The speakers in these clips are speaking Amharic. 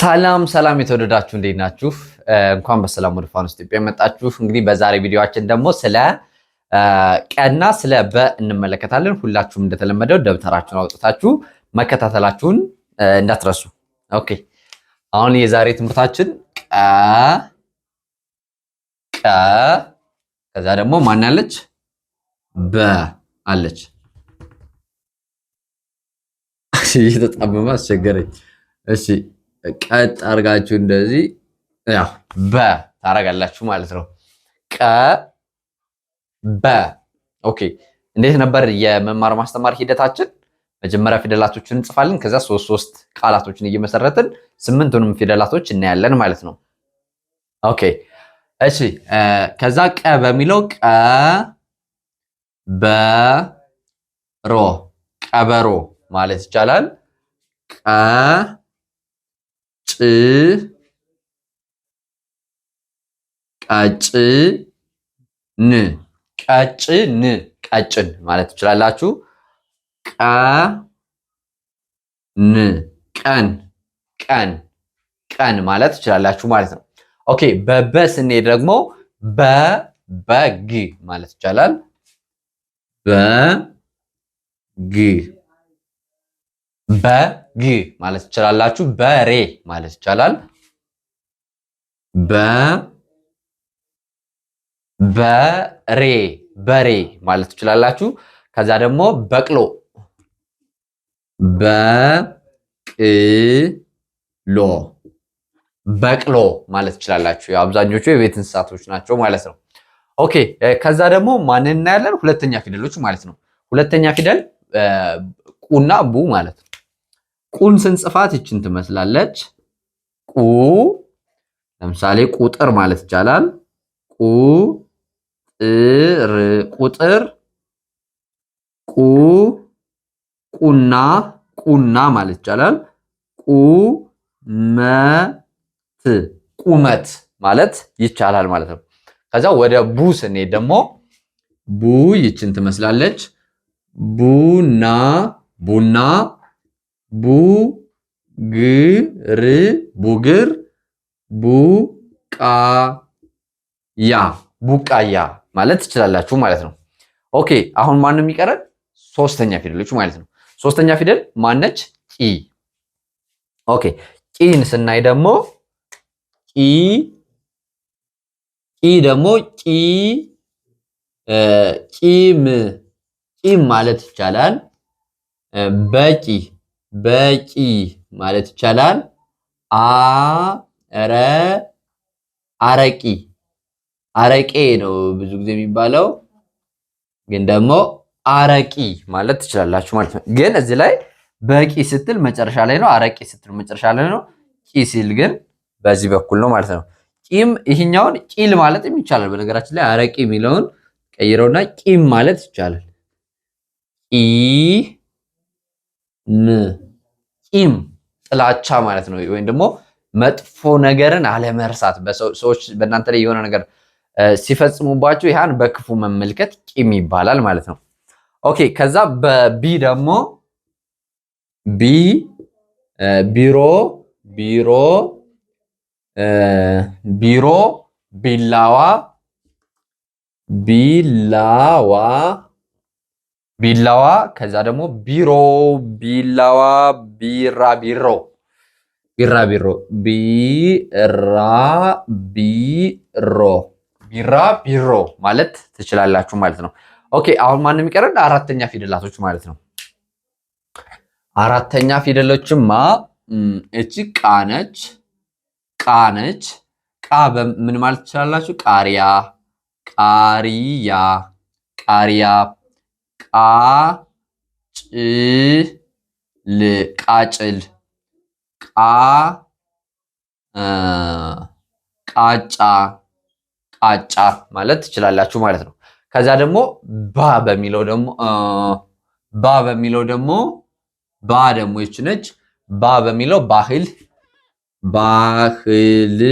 ሰላም ሰላም የተወደዳችሁ እንዴት ናችሁ? እንኳን በሰላም ወደ ፋኖስ ኢትዮጵያ የመጣችሁ። እንግዲህ በዛሬ ቪዲዮችን ደግሞ ስለ ቀና ስለ በ እንመለከታለን። ሁላችሁም እንደተለመደው ደብተራችሁን አውጥታችሁ መከታተላችሁን እንዳትረሱ። ኦኬ፣ አሁን የዛሬ ትምህርታችን ቀ ቀ ከዛ ደግሞ ማን አለች በ አለች። እየተጣመመ አስቸገረኝ። እሺ ቀጥ አርጋችሁ እንደዚህ ያው በ ታረጋላችሁ ማለት ነው። ቀ በ ኦኬ። እንዴት ነበር የመማር ማስተማር ሂደታችን? መጀመሪያ ፊደላቶችን እንጽፋለን። ከዛ ሶስት ሶስት ቃላቶችን እየመሰረትን ስምንቱንም ፊደላቶች እናያለን ማለት ነው። ኦኬ እሺ። ከዛ ቀ በሚለው ቀ በሮ ቀበሮ ማለት ይቻላል። ቀ ጭ ቃጭን ን ቀጭን ማለት ትችላላችሁ። ቃ ን ቀን ቀን ቀን ማለት ትችላላችሁ ማለት ነው። ኦኬ በበ ስንሄድ ደግሞ በበግ ማለት ይቻላል። በግ በግ ማለት ትችላላችሁ። በሬ ማለት ይቻላል። በ በሬ በሬ ማለት ትችላላችሁ። ከዛ ደግሞ በቅሎ በቅሎ በቅሎ ማለት ትችላላችሁ። አብዛኞቹ የቤት እንስሳቶች ናቸው ማለት ነው። ኦኬ ከዛ ደግሞ ማንን እናያለን? ሁለተኛ ፊደሎች ማለት ነው። ሁለተኛ ፊደል ቁና ቡ ማለት ነው። ቁን ስንጽፋት ይችን ትመስላለች። ቁ ለምሳሌ ቁጥር ማለት ይቻላል። ቁ ጥር ቁጥር ቁ ቁና ቁና ማለት ይቻላል። ቁመት ቁመት ማለት ይቻላል ማለት ነው። ከዛ ወደ ቡ ስንሄድ ደግሞ ቡ ይችን ትመስላለች። ቡና ቡና ቡግር ቡግር ቡቃያ ቡቃያ ማለት ትችላላችሁ ማለት ነው። ኦኬ አሁን ማን ነው የሚቀረን? ሶስተኛ ፊደሎች ማለት ነው። ሶስተኛ ፊደል ማነች? ቂ። ኦኬ ቂን ስናይ ደግሞ ቂ ቂ ደግሞ ቂ ቂም ቂም ማለት ይቻላል። በቂ በቂ ማለት ይቻላል። አረ አረቂ አረቄ ነው ብዙ ጊዜ የሚባለው፣ ግን ደግሞ አረቂ ማለት ትችላላችሁ ማለት ነው። ግን እዚህ ላይ በቂ ስትል መጨረሻ ላይ ነው፣ አረቂ ስትል መጨረሻ ላይ ነው። ቂ ሲል ግን በዚህ በኩል ነው ማለት ነው። ቂም ይህኛውን ቂል ማለትም ይቻላል። በነገራችን ላይ አረቂ የሚለውን ቀይረውና ቂም ማለት ይቻላል። ም ቂም ጥላቻ ማለት ነው። ወይም ደግሞ መጥፎ ነገርን አለመርሳት ሰዎች በእናንተ ላይ የሆነ ነገር ሲፈጽሙባቸው ይህን በክፉ መመልከት ቂም ይባላል ማለት ነው። ኦኬ ከዛ በቢ ደግሞ ቢ ቢሮ ቢሮ ቢሮ ቢላዋ ቢላዋ ቢላዋ፣ ከዛ ደግሞ ቢሮ፣ ቢላዋ፣ ቢራ ቢሮ ቢራ ቢሮ፣ ቢሮ ማለት ትችላላችሁ ማለት ነው። ኦኬ አሁን ማን የሚቀረን አራተኛ ፊደላቶች ማለት ነው። አራተኛ ፊደሎችማ እቺ ቃነች ቃነች ቃ ምን ማለት ትችላላችሁ? ቃሪያ ቃሪያ ቃሪያ ቃ ቃጭል ቃ ቃጫ ቃጫ ማለት ትችላላችሁ ማለት ነው። ከዛ ደግሞ ባ በሚለው ደግሞ ባ በሚለው ደግሞ ባ ደግሞ ይች ነች። ባ በሚለው ባህል ባህል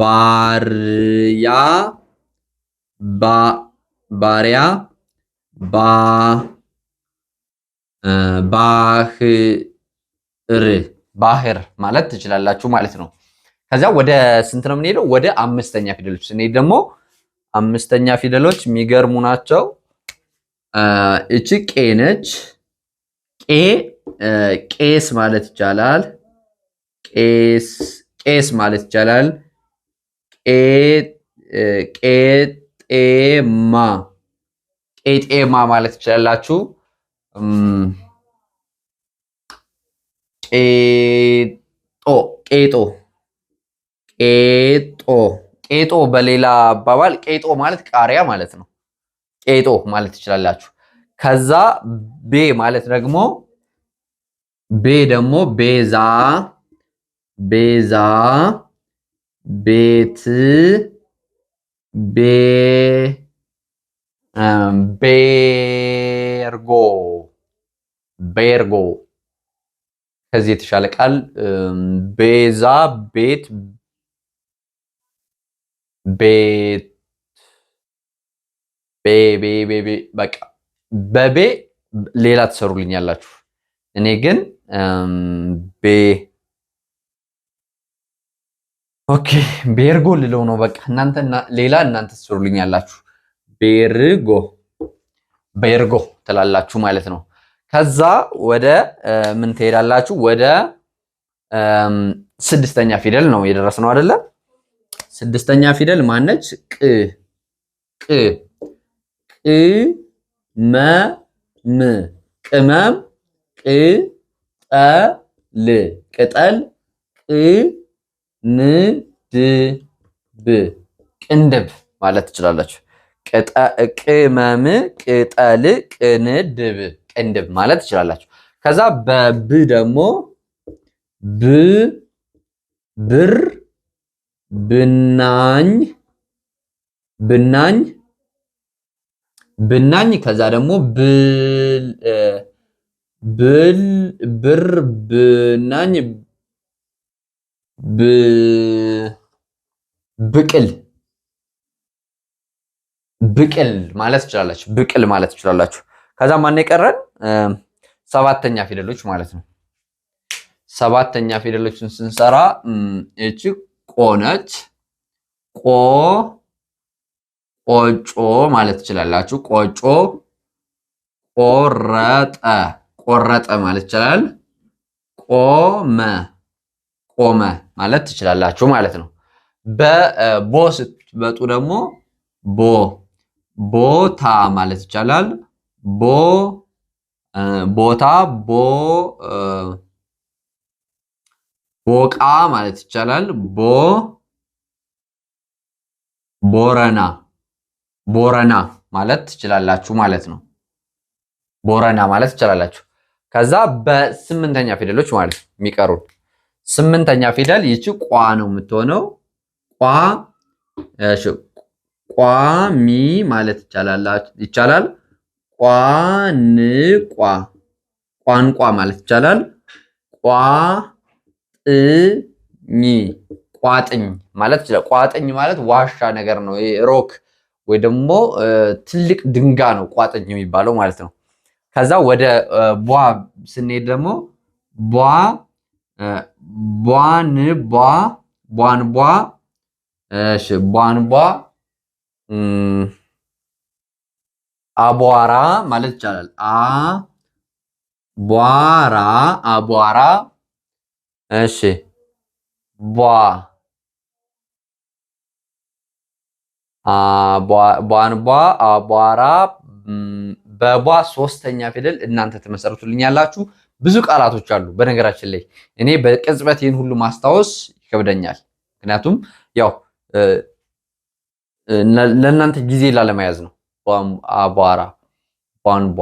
ባርያ ባሪያ ባ ባህር ባህር ማለት ትችላላችሁ ማለት ነው። ከዚያ ወደ ስንት ነው የምንሄደው? ወደ አምስተኛ ፊደሎች ስንሄድ ደግሞ አምስተኛ ፊደሎች የሚገርሙ ናቸው። እቺ ቄ ነች። ቄ ቄስ ማለት ይቻላል። ቄስ ቄስ ማለት ይቻላል። ቄ ቄጤማ ቄጤማ ማለት ትችላላችሁ። ቄጦ ቄጦ ቄጦ ቄጦ በሌላ አባባል ቄጦ ማለት ቃሪያ ማለት ነው። ቄጦ ማለት ትችላላችሁ። ከዛ ቤ ማለት ደግሞ ቤ ደግሞ ቤዛ ቤዛ ቤት ቤ ቤርጎ um, ቤርጎ ከዚህ የተሻለ ቃል um, ቤዛ ቤት ቤት ቤቤቤቤ በቃ በቤ ሌላ ትሰሩልኝ ያላችሁ እኔ ግን um, ቤ ኦኬ ቤርጎ ልለው ነው። በቃ እናንተ ሌላ እናንተ ትሰሩልኝ ያላችሁ ቤርጎ ቤርጎ ትላላችሁ ማለት ነው። ከዛ ወደ ምን ትሄዳላችሁ? ወደ ስድስተኛ ፊደል ነው የደረስነው አይደለ? ስድስተኛ ፊደል ማነች? ቅ ቅ ቅመም ቅመም ቅጠል ቅጠል ቅንድብ ቅንድብ ማለት ትችላላችሁ። ቅመም፣ ቅጠል፣ ቅንድብ ቅንድብ ማለት ትችላላችሁ። ከዛ በብ ደግሞ ብ ብር፣ ብናኝ፣ ብናኝ፣ ብናኝ ከዛ ደግሞ ብል፣ ብር፣ ብናኝ፣ ብቅል ብቅል ማለት ትችላላችሁ። ብቅል ማለት ትችላላችሁ። ከዛ ማን የቀረን ሰባተኛ ፊደሎች ማለት ነው። ሰባተኛ ፊደሎችን ስንሰራ እቺ ቆነች ቆ ቆጮ ማለት ትችላላችሁ። ቆጮ ቆረጠ ቆረጠ ማለት ይችላል። ቆመ ቆመ ማለት ትችላላችሁ ማለት ነው። በቦ ስትመጡ ደግሞ ቦ ቦታ ማለት ይቻላል። ቦ ቦታ ቦ ቦቃ ማለት ይቻላል። ቦ ቦረና ቦረና ማለት ትችላላችሁ ማለት ነው። ቦረና ማለት ትችላላችሁ። ከዛ በስምንተኛ ፊደሎች ማለት የሚቀሩ ስምንተኛ ፊደል ይቺ ቋ ነው የምትሆነው ቋ ቋሚ ማለት ይቻላል ቋንቋ ቋንቋ ማለት ይቻላል። ቋጥኝ ቋጥኝ ማለት ይችላል። ቋጥኝ ማለት ዋሻ ነገር ነው። ሮክ ወይ ደግሞ ትልቅ ድንጋ ነው ቋጥኝ የሚባለው ማለት ነው። ከዛ ወደ ቧ ስንሄድ ደግሞ ቧ ቧን ቧ ቧን ቧ እሺ ቧን ቧ አቧራ ማለት ይቻላል። ቧራ አቧራ። እሺ ቧ ቧንቧ አቧራ በቧ ሶስተኛ ፊደል እናንተ ትመሰርቱልኛላችሁ። ብዙ ቃላቶች አሉ። በነገራችን ላይ እኔ በቅጽበት ይህን ሁሉ ማስታወስ ይከብደኛል። ምክንያቱም ያው ለእናንተ ጊዜ ላለመያዝ ነው። አቧራ፣ ቧንቧ፣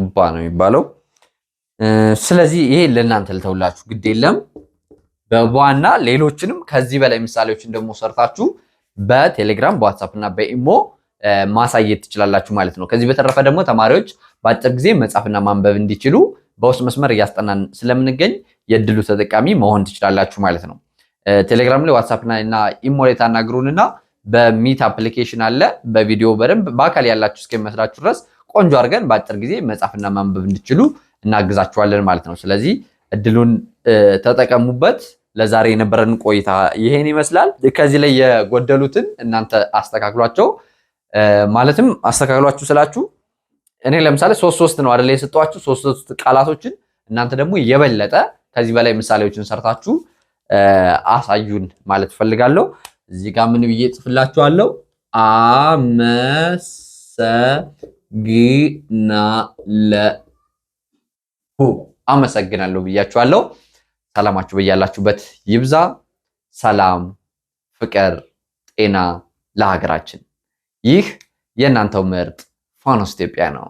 ቱባ ነው የሚባለው። ስለዚህ ይሄ ለእናንተ ልተውላችሁ፣ ግድ የለም በቧና ሌሎችንም ከዚህ በላይ ምሳሌዎችን ደግሞ ሰርታችሁ በቴሌግራም በዋትሳፕ እና በኢሞ ማሳየት ትችላላችሁ ማለት ነው። ከዚህ በተረፈ ደግሞ ተማሪዎች በአጭር ጊዜ መጻፍና ማንበብ እንዲችሉ በውስጥ መስመር እያስጠናን ስለምንገኝ የእድሉ ተጠቃሚ መሆን ትችላላችሁ ማለት ነው። ቴሌግራም ላይ ዋትሳፕ እና ኢሞ ላይ ታናግሩንና በሚት አፕሊኬሽን አለ። በቪዲዮ በደንብ በአካል ያላችሁ እስከሚመስላችሁ ድረስ ቆንጆ አድርገን በአጭር ጊዜ መጻፍና ማንበብ እንድችሉ እናግዛችኋለን ማለት ነው። ስለዚህ እድሉን ተጠቀሙበት። ለዛሬ የነበረን ቆይታ ይሄን ይመስላል። ከዚህ ላይ የጎደሉትን እናንተ አስተካክሏቸው። ማለትም አስተካክሏችሁ ስላችሁ እኔ ለምሳሌ ሶስት ሶስት ነው አደላ የሰጧችሁ ሶስት ሶስት ቃላቶችን እናንተ ደግሞ የበለጠ ከዚህ በላይ ምሳሌዎችን ሰርታችሁ አሳዩን ማለት ፈልጋለሁ። እዚህ ጋር ምን ብዬ ጽፍላችኋለሁ? አመሰግናለሁ አመሰግናለሁ ብያችኋለሁ። ሰላማችሁ በያላችሁበት ይብዛ። ሰላም፣ ፍቅር፣ ጤና ለሀገራችን። ይህ የእናንተው ምርጥ ፋኖስ ኢትዮጵያ ነው።